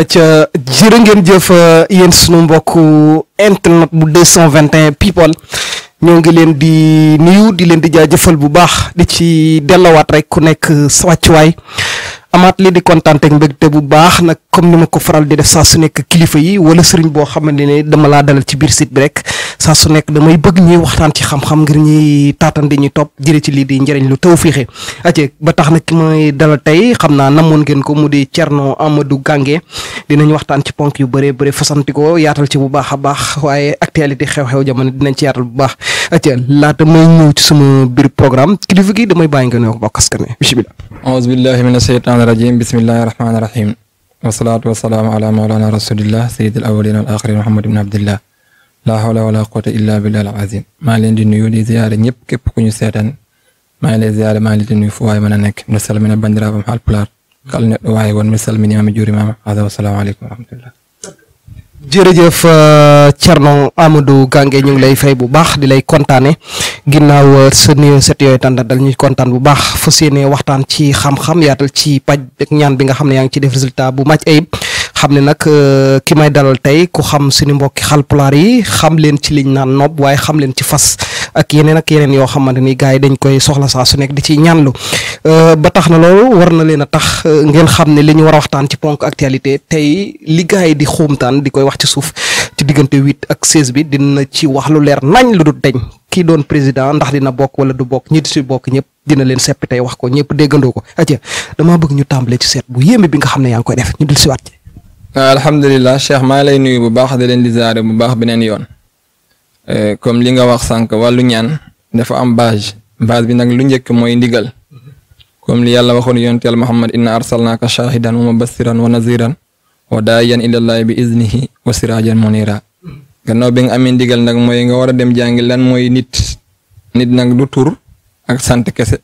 acca jërë ngeen jëf uh, yéen sunu mbokk internet bu 221 people ñoo ngi leen di nuyu di leen di jëfal bu baax di ci dellowaat rek ku nekk sa wàccuwaay amaat lii di kontaante ak mbégte bu baax nag comme ni ma ko faral di def saa su nekk kilifa yi wala sëriñ boo xam ne dama laa dalal ci biir siit bi rek. saa su nekk damay bëgg ñuy waxtaan ci xam-xam ngir ñuy taatan di ñu topp jëre ci lii di njëriñ lu taw fiixe ba tax na ki may dalal tey xam naa namoon ngeen ko mu di Thierno Amadou Gange dinañ waxtaan ci ponk yu bëree bëri fasantikoo yaatal ci bu baax a baax waaye actualité xew-xew jamono dinañ ci yaatal bu baax aje laata may ñëw ci sama biir programme kilifa gi damay bàyyi nga nuyoo bokk askan wi bisimilah aouzu billahi min asheytaani rajim a rahmaani rahim wasalaatu wasalaamu ala maulana rasulillah laa hawla wala quwwata illa billahi al-azim maa leen di nuyu di ziyaare ñëpp képp ku ñu seetaan maa ngi lay ziyaare maa ngi di nuyu fu waay mën a nekk mi salmina bandiraabam Haalpulaar kal neɗɗo waawi won mi salminimaami juuri maama hada wasalaamu aleykum wa rahmatullah jërëjëf uh, Thierno Amadou Gange ñu ngi lay fay bu baax di lay kontaane ginnaaw uh, sa nuyoo set yooyu tànn dal ñuy kontaan bu baax fas yéene waxtaan ci xam-xam yaatal ci paj ak ñaan bi nga xam ne yaa ngi ci def résultat bu màcc xam ne nag euh, ki may dalal tey ku xam suñu mbokki xalpulaar yi xam leen ci liñ naan nopp waaye xam leen ci fas ak yeneen ak yeneen yoo xamante ni gars yi dañ koy soxla saa su nekk di ci ñaanlu euh, ba tax na loolu war na leen a tax euh, ngeen xam ne li ñu war a waxtaan ci ponk actualité tey li yi di xuumtaan di koy wax ci suuf ci diggante huit ak seize bi dina ci wax lu leer nañ lu du deñ kii doon président ndax dina bokk wala du bokk ñi di si bokk ñëpp dina leen seppi tey wax ko ñëpp déggandoo ko atia damaa bëgg ñu tàmbalee ci seet bu yéeme bi nga xam ne yaa ngi koy def ñu dil siwaat Euh, alhamdulilah Cheikh maa lay nuyu bu baax leen di ziare bu baax beneen yoon euh, comme li nga wax sànq wàllu ñaan dafa am base base bi nag lu njëkk mooy ndigal comme li yàlla waxoon yonteel Muhammad inna arsalnaaka shaahidan wa mubassiran wa naziran wa daayan ilallahi bi iznihi wa siraajan munira gannaaw bi nga amee ndigal nag mooy nga war a dem jàngi lan mooy nit nit nag du tur ak sant kese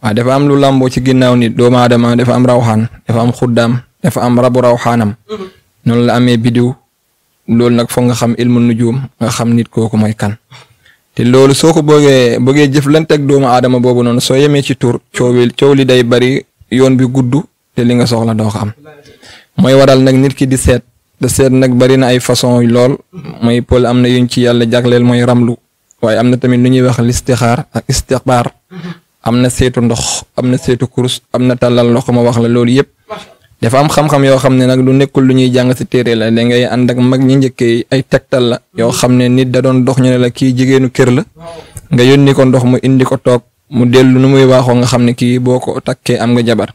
waaw dafa am lu lambo ci ginnaaw nit doomu aadama dafa am rawxaan dafa am xuddaam dafa am rabu raw xaanam mhm. noonu la amee bidiw loolu nag foog nga xam ilmu nujum nga xam nit kooku mooy kan te loolu soo ko bëggee bëggee jëflante ak doomu aadama boobu noonu soo yemee ci tur coow coow li day bari yoon bi gudd te li nga soxla doo ko am mooy waral nag nit ki di seet da seet nag bari na ay façon lool mooy pol am na yuñ ci yàlla jagleel mooy ramlu waaye am na tamit lu ñuy wax listixaar ak istixbaar mhm. am na seetu ndox am na seetu kurs am na tàllal loxo ma wax la loolu yëpp dafa am xam-xam yoo xam ne nag lu nekkul lu ñuy jàng si téere la da ngay ànd ak mag ñi njëkkee ay tegtal la yoo xam ne nit da doon dox ñu ne la kii jigéenu kër la nga yónni ko ndox mu indi ko toog mu dellu nu muy waaxoo nga xam ne kii boo ko takkee am nga jabar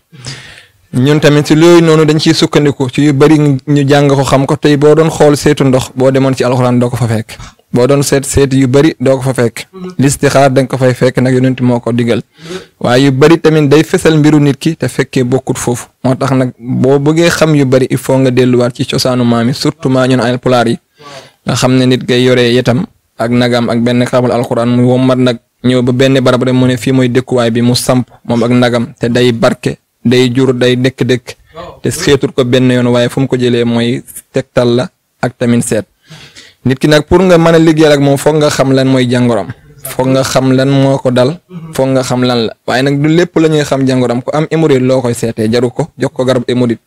ñun tamit si loolu noonu dañ ciy sukkandiku ci yu bëri ñu jàng ko xam ko tey boo doon xool seetu ndox boo demoon ci alxuraan doo ko fa fekk. boo doon seet seet yu bëri doo ko fa fekk mhm. listixaar da nga ko fay fekk nag yonent moo ko digal mhm. waaye yu bëri tamit day fesal mbiru nit ki te fekkee bokkut foofu moo tax nag boo bëggee xam yu bëri il faut nga delluwaat ci cosaanu maam yi surtout maa ñun ay pulaar nga xam ne nit ngay yore yetam ak nagam ak benn xabal alquran mu wommat nag ñëw ba benn barab rek mu ne fii mooy dëkkuwaay bi mu samp moom ak nagam te day barke day jur day dëkk-dëkk te ko benn yoon waaye fu mu ko jëlee mooy tegtal la ak tamit seet nit ki nag pour nga mën a liggéeyal ak moom foog nga xam lan mooy jàngoroom foog nga xam lan moo ko dal foog nga xam lan la waaye nag du lépp la ñuy xam jàngoroom ku am hémorroïde loo koy seetee jaru ko jox ko garab hémorroïde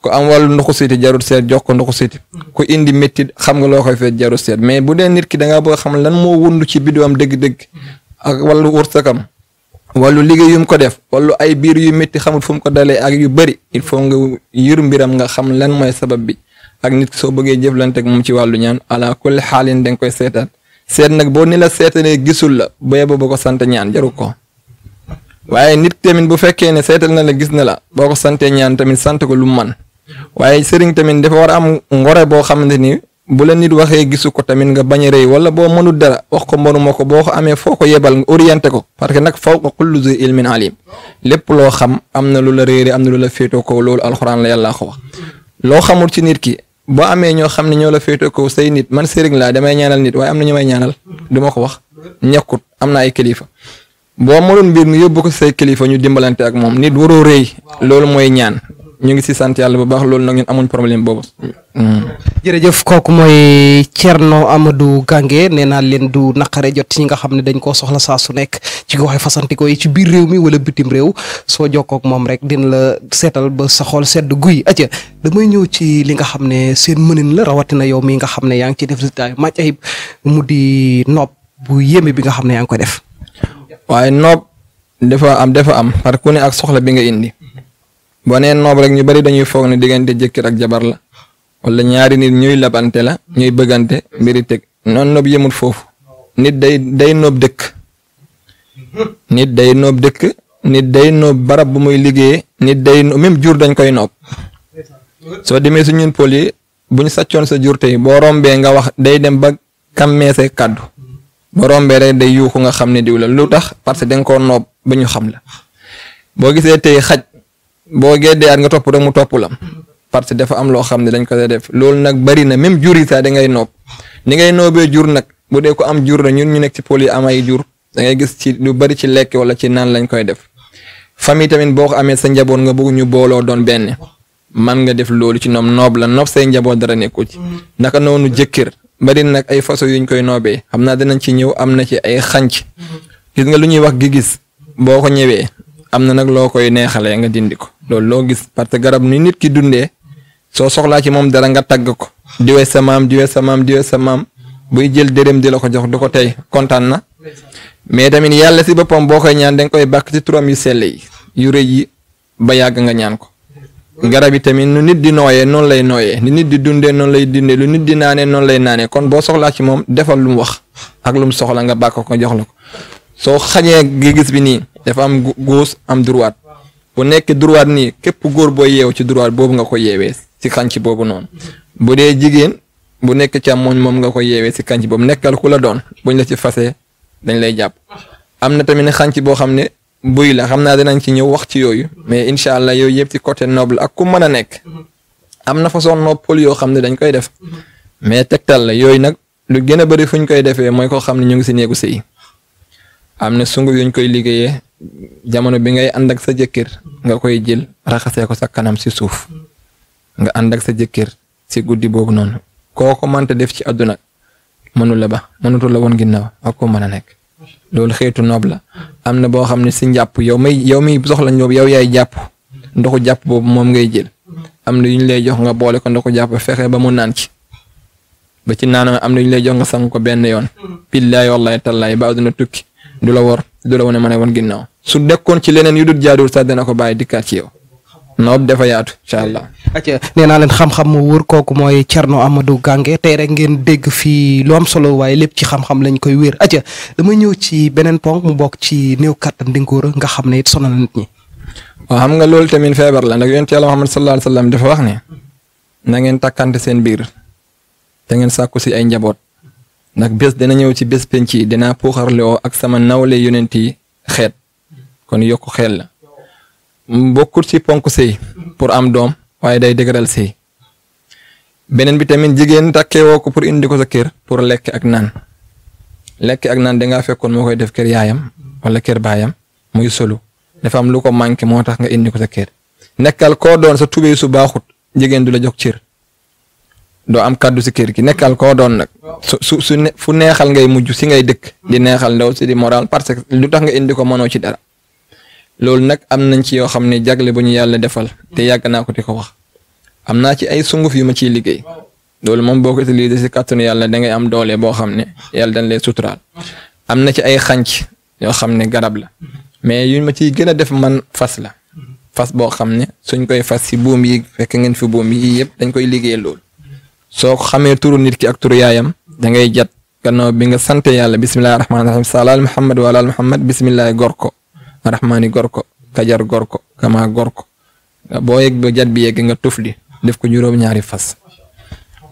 ku am wàllu ndoxu siiti jarut seet jox ko ndoxu siiti ku indi métti xam nga loo koy feet jarut seet mais bu dee nit ki da ngaa bëgg xam lan moo wund ci biddiwam dëgg-dëgg ak wàllu wërsëgam wallu liggéey yu ko def wàllu ay biir yu métti xamul fu mu ko dalee ak yu bëri il faut nga yër mbiram nga xam lan mooy sabab bi ak nit ki soo bëggee jëflante ak moom ci wàllu ñaan ala kulli xaalin da nga koy seetaat seet nag boo ni la seetalee gisul la bee ba ko sant ñaan jaru ko waaye nit tamit bu fekkee ne seetal na gis na la boo ko santee ñaan tamit sant ko lu man waaye sëriñ tamit dafa war a am ngore boo xamante ni bu la nit waxee gisu ko tamit nga bañ a rëy wala boo mënul dara wax ko mënuma ko boo ko amee foo ko yebal nga orienté ko parce que nag fawqa kulli lépp loo xam am na lu la réere am na lu la féetoo ko loolu alxuraan la yàlla ko wax boo amee ñoo xam ne ñoo la féetee ko say nit man sëriñ laa damay ñaanal nit waaye am na ñu may ñaanal du ko wax ñekkut am na ay kilifa boo mënoon mbir mi yóbbu ko sey kilifa ñu dimbalante ak moom nit waroo rëy loolu mooy ñaan ñu ngi si sant yàlla bu baax loolu nag ñun amuñ problème boobu. Hmm. jërëjëf kooku mooy Thierno Amadou Gange nee naa leen du naqare jot ci ñi nga xam ne dañ koo soxla saa su nekk ci gox fasantikoo yi ci biir réew mi wala bitim réew soo jokkoo ak moom rek dina la seetal ba sa sedd guy atya damay ñëw ci li nga xam ne seen mënin la rawatina yow mi nga xam ne yaa ngi ciy def résultat yu màcc ayib mu di nopp bu yéeme bi nga xam ne yaa ngi koy def. waaye nopp dafa am dafa am parce que ku ak soxla bi nga indi. boo nee noob rek ñu bari dañuy foog ne diggante jëkkër ak jabar la wala ñaari nit ñuy labante la ñuy bëggante mbiri teg noonu noob yëmut foofu nit day day noob dëkk nit day noob dëkk nit day noob barab bu muy liggéeyee nit day même jur dañ koy noob soo demee su ñun pol yi bu ñu sàccoon sa jur tey boo rombee nga wax day dem ba kammeese kàddu boo rombee rek day yuuxu nga xam ne diw la lu tax parce que da koo noob ba ñu xam la boo gisee tey xaj boo geddee at nga topp rek mu topp la parce que dafa am loo xam ne dañ ko def loolu nag bari na même jur yi sax da ngay noob ni ngay noobee jur nag bu dee ko am jur la ñun ñu nekk ci pôle yi am ay jur da ngay gis ci lu bari ci lekk wala ci naan lañ koy def famille tamit boo ko amee sa njaboot nga bëgg ñu booloo doon benn man nga def loolu ci noom noob la noob say njaboot dara nekku ci naka noonu jëkkër bari nag ay façon yuñ koy noobee xam naa dinañ ci ñëw am na ci ay xànc gis nga lu ñuy wax gis boo ko ñëwee am na nag loo koy neexale nga dindi ko loolu loo gis parce que garab ni nit ki dundee soo soxlaa ci moom dara nga tagg ko diwe sa maam diwe sa maam diwe sa maam buy jël dërëm di la ko jox du ko tey kontaan na mais tamit yàlla si boppam boo koy ñaan danga koy bàkk ci turam yu sell yi yu rëy yi ba yàgg nga ñaan ko garab yi tamit lu nit di nooyee noonu lay nooyee lu nit di dundee noonu lay dundee lu nit di naanee noonu lay naanee kon boo soxlaa ci moom defal lu mu wax ak lu soxla nga bàkk ko jox la ko soo xañee gi gis bi nii dafa am gauche am droite bu nekk droit nii képp góor booy yeew ci droit boobu nga ko yeewee ci xànc boobu noonu bu dee jigéen bu nekk càmmoñ moom nga ko yeewee si xànc boobu nekkal ku la doon buñ la ci fasee dañ lay jàpp am na tamit xànc boo xam ne buy la xam naa dinañ ci ñëw wax ci yooyu mais incha allah yooyu yëpp ci côté noble ak ku mën a nekk am na façon noppal yoo xam ne dañ koy def mais tegtal la yooyu nag lu gën a bëri fuñ koy defee mooy koo xam ne ñu ngi si néegu sëy na sungu yuñ koy liggéeyee jamono bi ngay ànd ak sa jëkkër nga koy jël raxasee ko sa kanam si suuf nga ànd ak sa jëkkër si guddi boobu noonu kooku ko mënta def ci àdduna mënu la ba mënutu la woon ginnaaw ak ko mën a nekk loolu xeetu noob la am na boo xam ne si njàpp yow may yow miy soxla ñoom yow yaay jàpp ndoxu jàpp boobu moom ngay jël am na yuñ ñu lay jox nga boole ko ndoxu jàpp fexe ba mu naan ci ba ci naan am na yu ñu lay jox nga sang ko benn yoon. billaay wallaay tallaay ba àdduna du la wane mën a wan ginnaaw su dekkoon ci leneen yu dul jaaduwul sax dana ko bàyyi dikkaat ci yow. noob dafa yaatu incha allah. acca nee naa leen xam-xam mu wër kooku mooy Thierno Amadou Gange tey rek ngeen dégg fii lu am solo waaye lépp ci xam-xam lañ koy wér acca damay ñëw ci beneen ponk mu bokk ci néew kàttan ndingóora nga xam ne it sonal na nit ñi. waaw xam nga loolu tamit feebar la ndax yonent yàlla Muhammad sallallahu alayhi wa sallam dafa wax ne na ngeen takkante seen biir da ngeen sàkku si ay njaboot ndax bés dana ñëw ci bés penc yi dinaa puuxarlewoo ak sama nawle yonent yi xeet kon yokk xel la mbokkut ci ponk sey pour am doom waaye day dëgëral sëy beneen bi tamit jigéen takkee woo ko pour indi ko sa kër pour lekk ak naan lekk ak naan dangaa fekkoon moo koy def kër yaayam wala kër baayam muy solu dafa am lu ko manqué moo tax nga indi ko sa kër nekkal koo doon sa tubéy su baaxut jigéen du la jox cër doo am kaddu si kër gi nekkal koo doon nag su su fu neexal ngay mujj si ngay dëkk di neexal ndaw si di moral parce que lu tax nga indi ko mënoo ci dara loolu nag am nañ ci yoo xam ne jagle bu ñu yàlla defal te yàgg naa ko di ko wax am naa ci ay sunguf yu ma ciy liggéey loolu moom boo ko utilisé si kàttanu yàlla da ngay am doole boo xam ne yàlla dañ lay suturaal am na ci ay xànc yoo xam ne garab la mais yu ma ciy gën a def man fas la fas boo xam ne suñ koy fas si buum yi fekk ngeen fi yi yëpp dañ koy liggéey soo xamee turu nit ki ak turu yaayam da ngay jat gannaaw bi nga sante yàlla bisimilah rahmaani rahiim salaal muhammad wa alaal muhammad bisimilah gor ko rahmaani gor ko kajar gor ko kamaa gor ko boo yegg ba jat bi yegg nga tufli def ko juróom-ñaari fas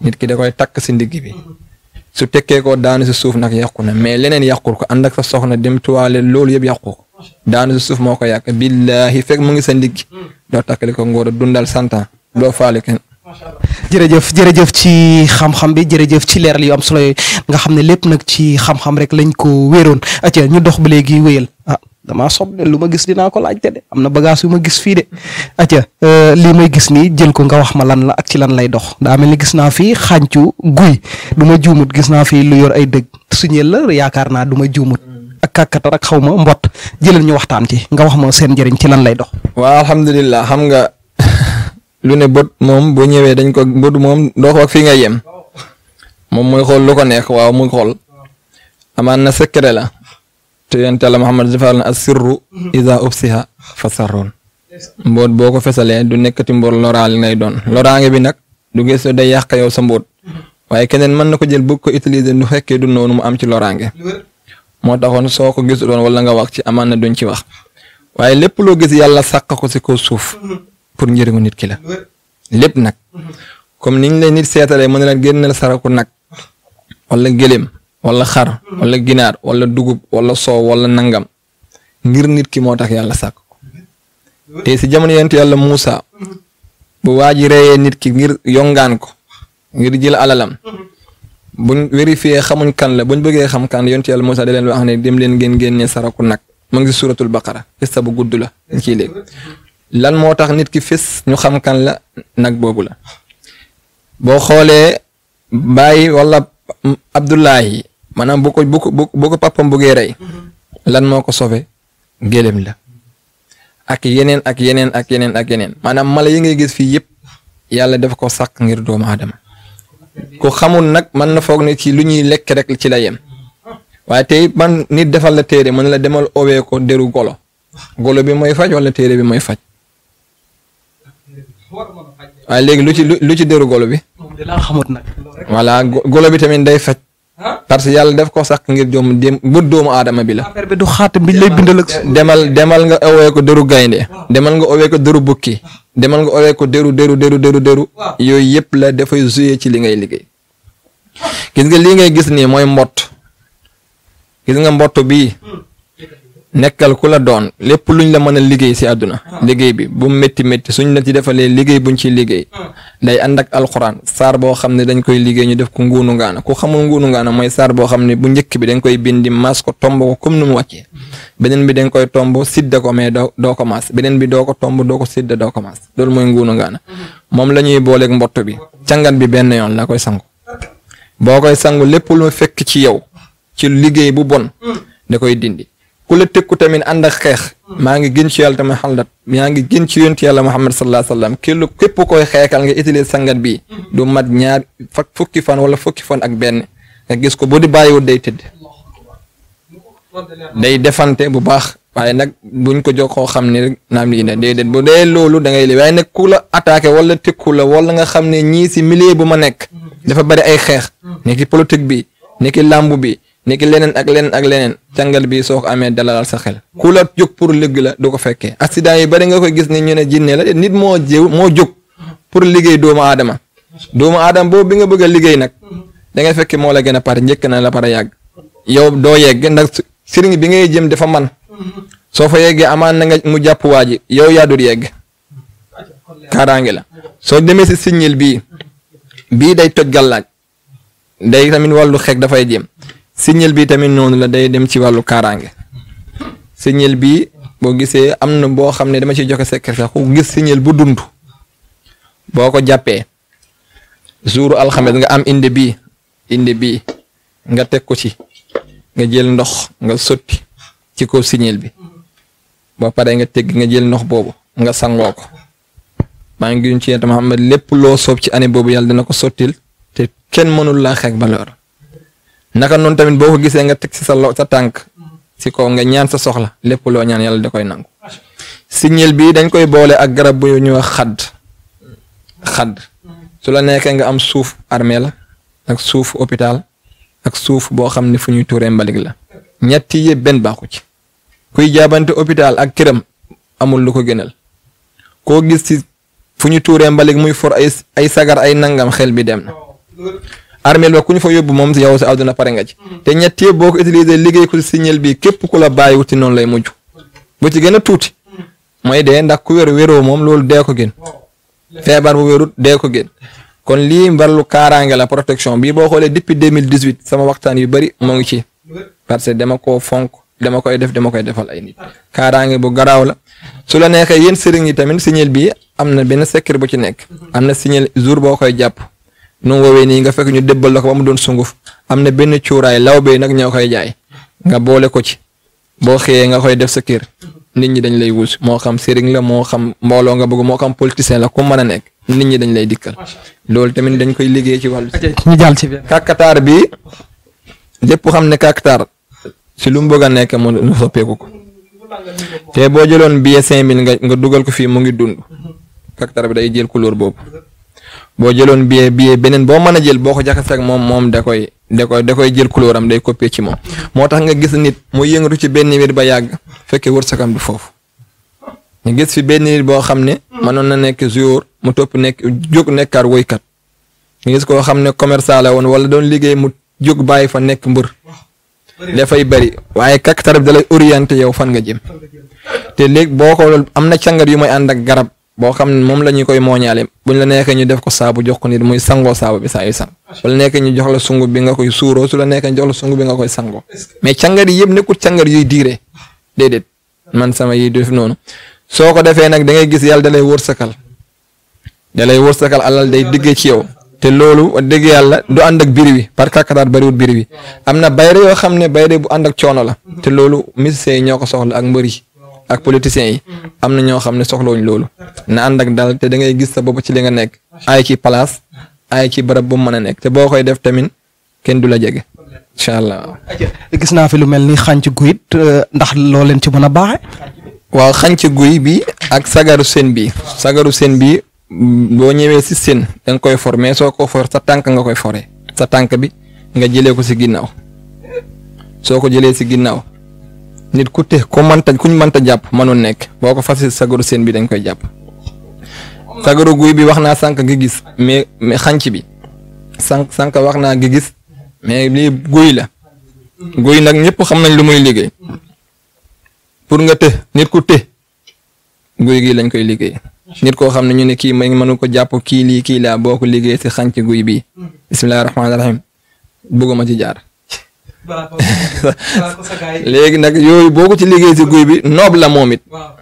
nit ki da koy takk si ndigg bi su tekkee ko daanu si suuf nag yàqu na mais leneen yàqul ko ànd ak sa soxna dem tuwaale loolu yëpp yàqu ko daanu si suuf moo ko yàq billaahi fekk mu ngi sa ndigg doo takkali ko ngóor dundal santan doo faale kenn jërëjëf jërëjëf ci xam-xam bi jërëjëf ci leeral yu am solo yooyu nga xam ne lépp nag ci xam-xam rek lañ ko wéeroon atia ñu dox ba léegi wéyal ah damaa sob de lu ma gis dinaa ko laajte am na bagage yu ma gis fii de atia euh, lii may gis nii jël ko nga wax ma lan la ak ci lan lay dox daa mel ni gis naa fi xàncu guy du ma juumut gis naa fi lu yor ay dëgg suñeel la yaakaar naa du juumut ak kàkkatar ak xaw ma mbott jëlal ñu waxtaan ci nga wax ma seen njëriñ ci lan lay dox. waaw alhamdulilah lu ne moom boo ñëwee dañ ko bët moom doo ko wax fii nga yem moom muy xool lu ko nekk waaw muy xool amaan na secret la te yonent Yàlla Muhammad defal na as-sirru iza ubsiha fasarron mboot boo ko fesalee du nekkati mboot loraal ngay doon loraange bi nag du gis day yàq yow sa mboot waaye keneen mën na ko jël bëgg ko utiliser lu fekkee du noonu mu am ci loraange moo taxoon soo ko gisuloon walla nga wax ci amaan na duñ ci wax waaye lépp loo gis yàlla sàq ko si suuf pour njëriñu nit ki la lépp nag comme niñ leen nit seetalee mën na leen génneel saraku nag wala gëléem wala xar walla ginaar wala dugub wala soow wala nangam ngir nit ki moo tax yàlla sàkk ko si jamono yent yàlla Muusa bu waa ji reyee nit ki ngir yongaan ko ngir jël alalam buñ vérifié xamuñ kan la buñ bëggee xam kan yonent yàlla Muusa da leen wax ne dem leen ngeen génnee saraku nag mu ngi si suuratul baqara bu gudd la ñu ciy léegi lan moo tax nit ki fis ñu xam kan la nag boobu la boo xoolee bàyyi wala Abdullahi maanaam bu ko bu ko buggee rey lan moo ko sobe gélem la ak yeneen ak yeneen ak yeneen ak yeneen maanaam mala yi ngay gis fii yëpp yàlla def ko sàq ngir doomu aadama ku xamul nag mën na foog ne ci lu ñuy lekk rek ci la yem waaye tey man nit defal la téere mën la demal owee ko deru golo golo bi mooy faj wala téere bi mooy faj waaye ah, léegi lu ci lu ci dëru golo bi. moom dinaa xamut nag. golo bi tamit day faj. parce que yàlla def ko sax ngir joom bu doomu aadama bi la. du xaatim bi lay bindal ak. demal demal nga awee ko dëru gaynde demal nga owee ko dëru demal nga dëru dëru dëru dëru yooyu yëpp la dafay jouer ci li ngay liggéey. gis nga lii ngay gis nii mooy mbott. gis nga mbott bii. Hmm. nekkal ku la doon lépp luñ la mën a liggéey si àdduna ah. liggéey bi bu métti métti suñ la ci defalee liggéey buñ ciy liggéey ah. day ànd ak alxuraan saar boo xam ne dañ koy liggéey ñu def ko nguunu ngaana ku xamul nguunu ngaana mooy saar boo xam ne bu njëkk bi dañ koy bindi maas ko tomb ko comme nu mu wàccee mm. beneen bi dañ koy tomb sidda ko mais doo doo ko beneen bi doo ko tomb doo ko sidda doo ko maas loolu mooy nguunu ngaana mm-hmm. moom la ñuy booleeg mbott bi cangat bi benn yoon la koy sangu boo koy sangu lépp lu fekk ci yow ci liggéey bu bon mm. da koy dindi ku la tëkku tamit ànd ak xeex maa ngi gën ci yàlla tamit xamlat maa ngi gën ci yonti yàlla muhammad sallallahu alayhi wasallam kélu képp koy xeexal nga utiliser sangat bi du mat ñaar fak fukki fan wala fukki fan ak benn nga gis ko bu di bàyyiwul day tëdd day defante bu baax waaye nag buñ ko jox koo xam ne rek naam lii ne déedéet bu dee loolu da ngay li waaye nag ku la attaqué wala tëkku la wala nga xam ne ñii si milieu bu ma nekk dafa bari ay xeex nekki politique bi nekki niki leneen ak leneen ak leneen jàngal bi soo ko amee dalalal sa xel ku la jóg pour liggéey la du ko fekkee accident yi bari nga koy gis ni ñu ne jinne la nit moo jéw moo jóg pour liggéey doomu aadama doomu aadama boo bi nga bëgg a liggéey nag da ngay moo la gën a pare njëkk na la pare yàgg yow doo yegg ndax sëriñ bi ngay jëm dafa man soo fa yeggee amaan na mu jàpp waa ji yow yaa dul yegg soo demee si signal bi bii day toj gàllaaj day tamit wàllu xeeg dafay jëm signal bi tamit noonu la day dem ci wàllu kaaraange signal bi boo gisee am na boo xam ne dama ci joxe secret sax ku gis signal bu dund boo ko jàppee jour alxames nga am inde bii inde bii nga teg ko ci nga jël ndox nga sotti ci kaw signal bi boo pare nga tegg nga jël ndox boobu nga sangoo ko maa ngi gën ci Muhammad lépp loo soob ci année boobu yàlla dana ko sottil te kenn mënul laa xeeg ba naka noonu tamit boo ko gisee nga teg si sa lo sa tànk si kaw nga ñaan sa soxla lépp loo ñaan yàlla da koy nangu signal bi dañ koy boole ak garab bu wax xadd xadd su la nekkee nga am suuf armée la ak suuf hôpital ak suuf boo xam ne fu ñuy tuuree mbalig la ñetti yëpp benn baaxu ci kuy jaabante hôpital ak këram amul lu ko gënal koo gis ci fu ñu tuuree mbalig muy for ay ay sagar ay nangam xel bi dem na. armeel ba ku ñu fa moom si yow si àdduna pare nga te ñett yëpp boo ko utiliser liggéey ko si bi képp ku la bàyyiwut noonu lay mujj bu ci gën a tuuti mooy dee ndax ku wér moom loolu dee ko gën feebar bu wérut dee ko gën kon lii mbarlu kaaraange la protection bi boo xoolee depuis 2018 sama waxtaan yu bëri moo ngi ci parce que dama koo fonk dama koy def dama koy defal ay nit kaaraange bu garaaw la su la neexee yéen sëriñ yi tamit signal bi am na benn secret bu ci nekk am na signal jour boo koy jàpp. nu nii nga fekk ñu débbal la ko mu doon sunguf am na benn cuuraay lawbe nag ñoo koy jaay nga boole ko ci boo xëyee nga koy def sa nit ñi dañ lay wut moo xam sëriñ la moo xam mbooloo nga bëgg moo xam politicien la ku mën a nekk nit ñi dañ lay dikkal loolu tamit dañ koy liggéey ci wàllu. ñu jàll ci kàkkataar bi lépp xam ne kàkkataar si lu mu bëgg a nekk mu soppeeku ko te boo jëloon billet 5000 nga nga dugal ko fii mu ngi dund kàkkataar bi day jël couleur boobu. boo jëloon billet billet beneen boo mën a jël boo ko jaxasee ak moom moom da koy da koy da koy jël couleur am day copier ci moom moo tax nga gis nit mu yëngatu ci benn mbir ba yàgg fekkee wërsëgam du foofu ñu gis fi benn nit boo xam ne mënoon na nekk joueur mu topp nekk jóg nekkaar woykat ñu gis koo xam ne commerçant la woon wala doon liggéey mu jóg bàyyi fa nekk mbër dafay bëri waaye kak tarab da lay orienté yow fan nga jëm te léegi boo ko am na càngat yu may ànd ak garab boo xam ne moom la ñu koy mooñaale buñ la nekkee ñu def ko saabu jox ko nit muy sangoo saabu bi saa yu sang wala nekkee ñu jox la sungu bi nga koy suuroo su la nekkee ñu jox la sungu bi koy sangoo mais càngar yi yëpp nekkul càngar yuy diire déedéet man sama yi def noonu soo ko defee nag dangay ngay gis yàlla da lay wërsëkal da lay wërsëkal alal day diggee ci yow te loolu dëgg yàlla du ànd ak biri wi par kàkkataat bariwul biri wi am na bayre yoo xam ne bayre bu ànd ak coono la te loolu misee ñoo ko soxla ak mbër yi ak politiciens yi am na ñoo xam ne soxlawuñ loolu na ànd ak dal te da ngay gis sa bopp ci li nga nekk ay ci place ay ci barab bu mu mën a nekk te boo koy def tamit kenn du la jege incha allah. gis naa fi lu mel ni xanc guy ndax loo leen ci mën a baaxe waaw xànc guy bi ak sagaru seen bi sagaru seen bi boo ñëwee si seen da koy for mais soo ko for sa tànk nga koy fore sa tànk bi nga jëlee ko si ginnaaw soo ko jëlee si ginnaaw. nit ku te ko mënta kuñ mënta jàpp mënul nekk boo ko fas sagaru seen bi dañ koy jàpp sagaru guy bi wax naa sànq nga gis mais mais xànc bi sànq sànq wax naa nga gis mais lii guy la guy nag ñëpp xam nañ lu muy liggéey pour nga te nit ku të guy gi lañ koy liggéey nit koo xam ne ñu ne kii may mënu ko jàpp kii lii kii laa boo ko liggéey si xànc guy bii bisimilah rahmaani rahim bëgguma ci jaar. léegi nag yooyu boo ko ci liggéey si guy bi noob la moom it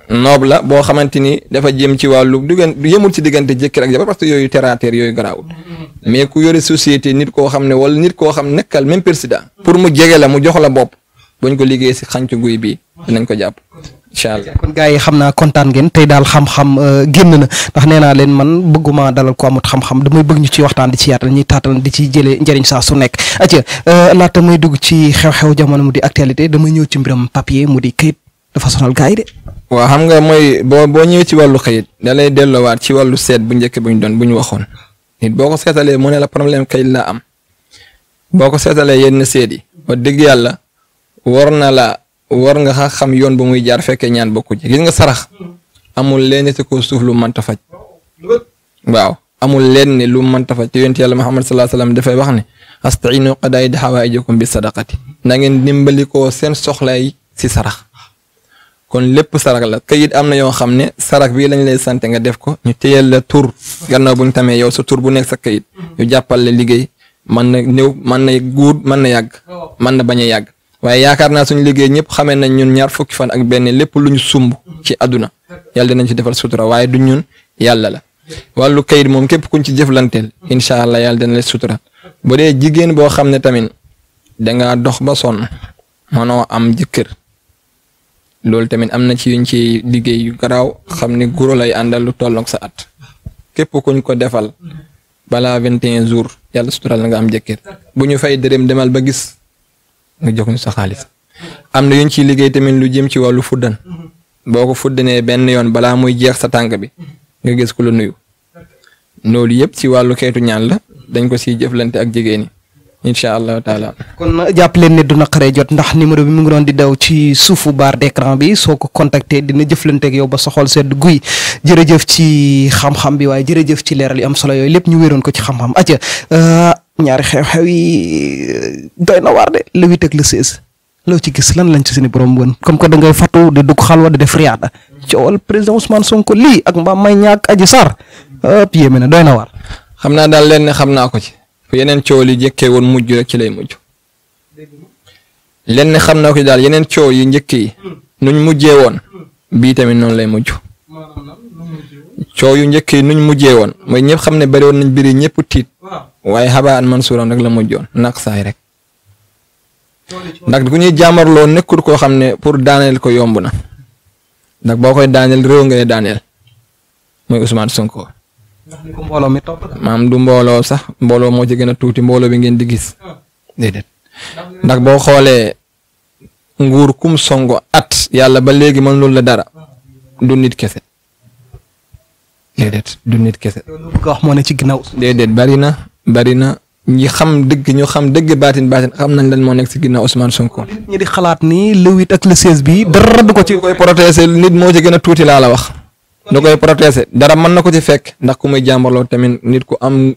noob la boo xamante ni dafa jëm ci wàllu diggante yemul ci diggante jëkkër ak jabar parce que yooyu terrateer yooyu garaawul mm-hmm. mais ku yore société nit koo xam ne wala nit koo xam nekkal même président pour mu jege la mu jox la bopp ñu ko liggéey si xànc guy bi dinañ ko jàpp incha allah kon gars yi xam naa kontaan ngeen tey daal xam-xam euh, génn na ndax nee naa leen man bëgguma dalal ko amut xam-xam damay bëgg ñu ci waxtaan di ci yaatal ñuy taatal di ci jëlee njëriñ saa su nekk. atia euh, laata may dugg ci xew-xew jamono mu di actualité damay ñëw ci mbiram papier mu di këyit dafa sonal gars yi xam nga mooy boo boo ñëwee ci wàllu këyit da lay delloowaat ci wàllu seet bu njëkk bu ñu doon bu ñu waxoon nit boo ko seetalee mu ne la problème këyit laa am boo ko seetalee yenn seet yi wax dëgg yàlla war na la war nga xam yoon bu muy jaar fekkee ñaan bokku ci gis nga sarax amul lenn si ko suuf lu mënta faj waaw amul lenn lu mënta faj ci yonent yàlla Muhammad sallallahu alayhi wasallam dafay wax ne astainu qadaa'ida hawaa'ijikum bi sadaqati na ngeen dimbali ko seen soxlay si sarax kon lépp sarax la kayit am na yoo xam ne sarax bii lañ lay sant nga def ko ñu téyel la tur gannaaw bu ñu tamee yow sa tur bu nekk sa kayit ñu jàppal la liggéey mën na néew guud mën na yàgg mën na bañ a waaye yaakaar naa suñu liggéey ñëpp xamee nañ ñun ñaar fukki fan ak benn lépp lu ñu sumb ci àdduna yàlla nañ ci defal sutura waaye du ñun yàlla la wàllu kayit moom képp kuñ ci jëflanteel incha allah yàlla dina la sutura bu dee jigéen boo xam ne tamit dangaa dox ba sonn mënoo am jëkkër loolu tamit am na ci yuñ ci liggéey yu garaaw xam ni guro lay àndal lu tollook sa at képp kuñ ko defal balaa vingt et jours yàlla sutural na nga am jëkkër buñu ñu fay dërëm demal ba gis. nga jox ñu sa xaalis am na yuñ ciy liggéey tamit lu jëm ci wàllu fuddan boo ko fuddanee benn yoon balaa mooy jeex sa tànk bi nga gis ku la nuyu loolu yëpp ci wàllu xeetu ñaan la dañ ko si jëflante ak jigéen ñi incha allahu taala. kon jàpp leen ne du naqaree jot ndax numéro bi mu ngi doon di daw ci suufu barre d'écran bi soo ko contacté dina jëflanteeg yow ba soxol sedd guy jërëjëf ci xam-xam bi waaye jërëjëf ci leeral yu am solo yooyu lépp ñu wéeroon ko ci xam-xam euh, ñaari xew-xew yi euh, doy na waar de le huit ak le loo ci gis lan lañ ci suñu borom woon comme que da ngay fàttu di dugg xalwa di def riyaada coowal président Ousmane Sonko lii ak mbaam may ñaak aji sar ëpp yéeme na doy na waar. xam naa daal leen xam naa ko ci yeneen coow li njëkkee woon mujj rek ci lay mujj xam naa daal yeneen coow yi njëkk yi nuñ mujjee woon bii tamit noonu lay mujj coow yu njëkk yi nuñ mujjee woon mooy ñëpp xam ne bari woon nañ biri ñëpp tiit. waaye xabaan mansuuran rek la mujjoon naq saay rek ndax ku ñuy jàmmarloo nekkul koo xam ne pour daaneel ko yomb na ndax boo koy daaneel réew nga ne daaneel muy Ousmane Sonko. maam du mbooloo sax mbooloo moo ci tuuti mbooloo bi ngeen di gis ah. déedéet boo xoolee nguur kum sonko at yàlla ba léegi man loolu la dara du nit kese déedéet du nit kese. déedéet bari na. bari na ñi xam dëgg ñu xam dëgg baatin baatin xam nañ lan moo nekk si ginnaaw Ousmane Sonko. ñi di xalaat ni le huit ak le seize bi dara du ko ci. koy protéger nit moo ci gën tuuti laa la wax. da koy protéger dara mën na ko ci fekk ndax ku muy jàmbarloo tamit nit ku am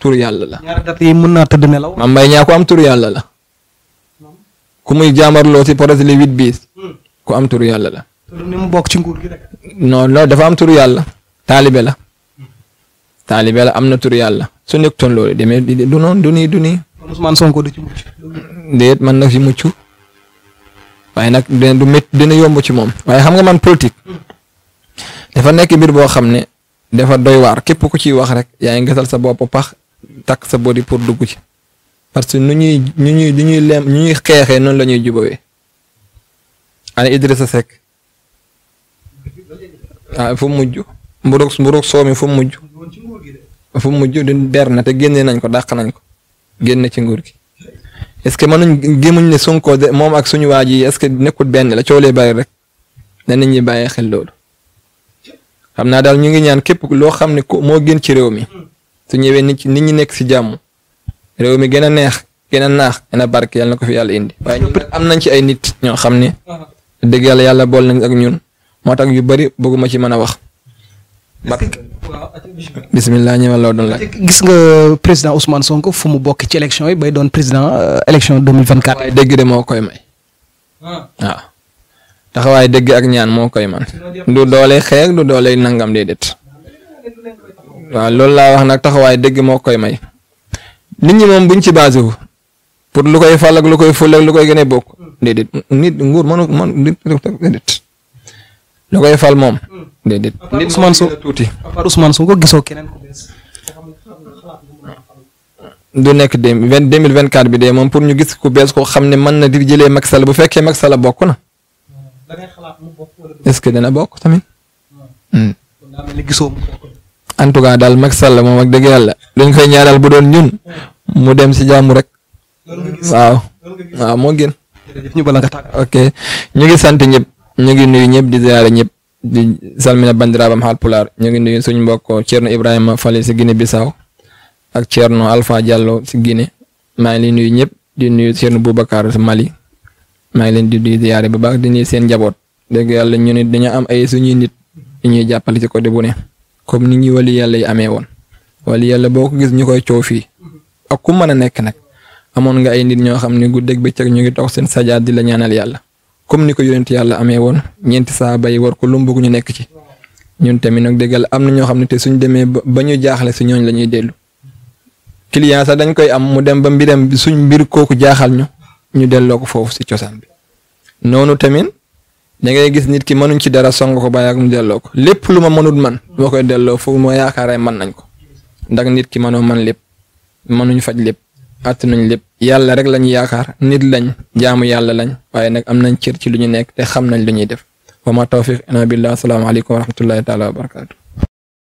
tur yàlla la. mën naa tëdd nelaw. Mame Mbaye Niang ku am tur yàlla la. ku muy jàmbarloo si projet le huit bii hmm. ku am tur yàlla la. ni mu bokk ci nguur gi rek. non non dafa am tur yàlla. taalibe la. taalibe la am na tur yàlla. su nekkutoon loolu demee du noonu du nii du nii. kon Ousmane Sonko du ci mucc. déet man nag si mucc waaye nag du métti dina yomb ci moom waaye xam nga man politique dafa nekk mbir boo xam ne dafa doy waar képp ku ciy wax rek yaa nga sal sa bopp pax takk sa body pour dugg ci parce que nu ñuy ñu ñuy ñu ñuy lem ñu ñuy xeexee noonu la ñuy jubawee ana Idrissa Seck ah fu mu mujj mburuk mburuk soomi fu mu mujj. fu mu mujj ber na te génne nañ ko dàq nañ ko génne ci nguur gi est ce que mënuñ gémuñ ne Sonko de moom ak suñu waa ji est ce que nekkul benn la coolee bari rek na nit ñi bàyyi xel loolu. xam naa daal ñu ngi ñaan képp loo xam ne ko moo gën ci réew mi su ñëwee nit nit ñi nekk si jàmm réew mi gën a neex gën naax gën a barke yàlla ko fi yàlla indi waaye ñun am nañ ci ay nit ñoo xam ne dëgg yàlla yàlla bool nañ ak ñun moo tax yu bari bëgguma ci mën a wax. bisimilah ñëwal loo doon laaj. gis nga président Ousmane Sonko fu mu bokk ci élection yi bay doon président euh, élection 2024. waaye dégg de moo koy may. Ah. waaw taxawaay dégg ak ñaan moo koy man du doole xeex du doole nangam déedéet. waaw loolu laa wax nag taxawaay dégg moo koy may. nit ñi moom buñ ci basé wu pour lu koy fal lu koy ful lu koy gën a bokk. déedéet nit nguur mënu mën déedéet. lu koy fal moom. déedéet nit Ousmane Sonko tuuti. ko Sonko gisoo keneen ku du nekk de vingt deux mille vingt quatre bi de moom pour ñu gis ku bees koo xam ne mën na di jëlee Macky Sall bu fekkee Macky Sall bokk na. est-ce que dana bokk tamit. Hmm. Hmm. en tout cas daal Macky Sall moom ak dëgg yàlla dañ koy ñaanal bu doon ñun mu dem si jàmm rek. waaw waaw moo gën. ok ñu ngi sant ñëpp. ñu ngi nuyu ñëpp di ziare ñëpp di salmina bandiraabam Haalpulaar ñu ngi nuyu suñu mbokk Thierno Ibrahima Fale si gine Bissau ak Thierno Alpha Diallo si gine maa ngi leen nuyu ñëpp di nuyu Thierno Boubacar si Mali maa ngi leen di nuyu ziare bu baax di nuyu seen njaboot dégg yàlla ñu ne dañoo am ay suñuy nit ñuy jàppale ci côté bu ne comme ni ñu wali yàlla yi amee woon wali yàlla boo ko gis ñu koy coow fii ak ku mën a nekk nag amoon nga ay nit ñoo xam ne guddeeg bëccëg ñu ngi toog seen sajaat di la ñaanal yàlla. comme ni ko yonent yàlla amee woon ñeenti saaba yi war ko lu ñu nekk ci ñun tamit nag déggal am na ñoo xam ne te suñ demee ba ñu jaaxle si ñooñ la ñuy dellu client sax dañ koy am mu dem ba mbiram suñ mbir kooku jaaxal ñu ñu delloo ko foofu si cosaan bi noonu tamit da ngay gis nit ki mënuñ ci dara song ko bàyyi ak mu delloo ko lépp lu ma mënut man ma koy delloo foofu ma yaakaaree mën nañ ko ndax nit ki mënoo man lépp mënuñ faj lépp àtt nañ lépp yàlla rek lañ yaakaar nit lañ jaamu yàlla lañ waaye nag am nañ cër ci lu ñu nekk te xam nañ lu ñuy def wa ma tawfiq ina billah asalaamaaleykum wa rahmatullahi taala wa barakaatu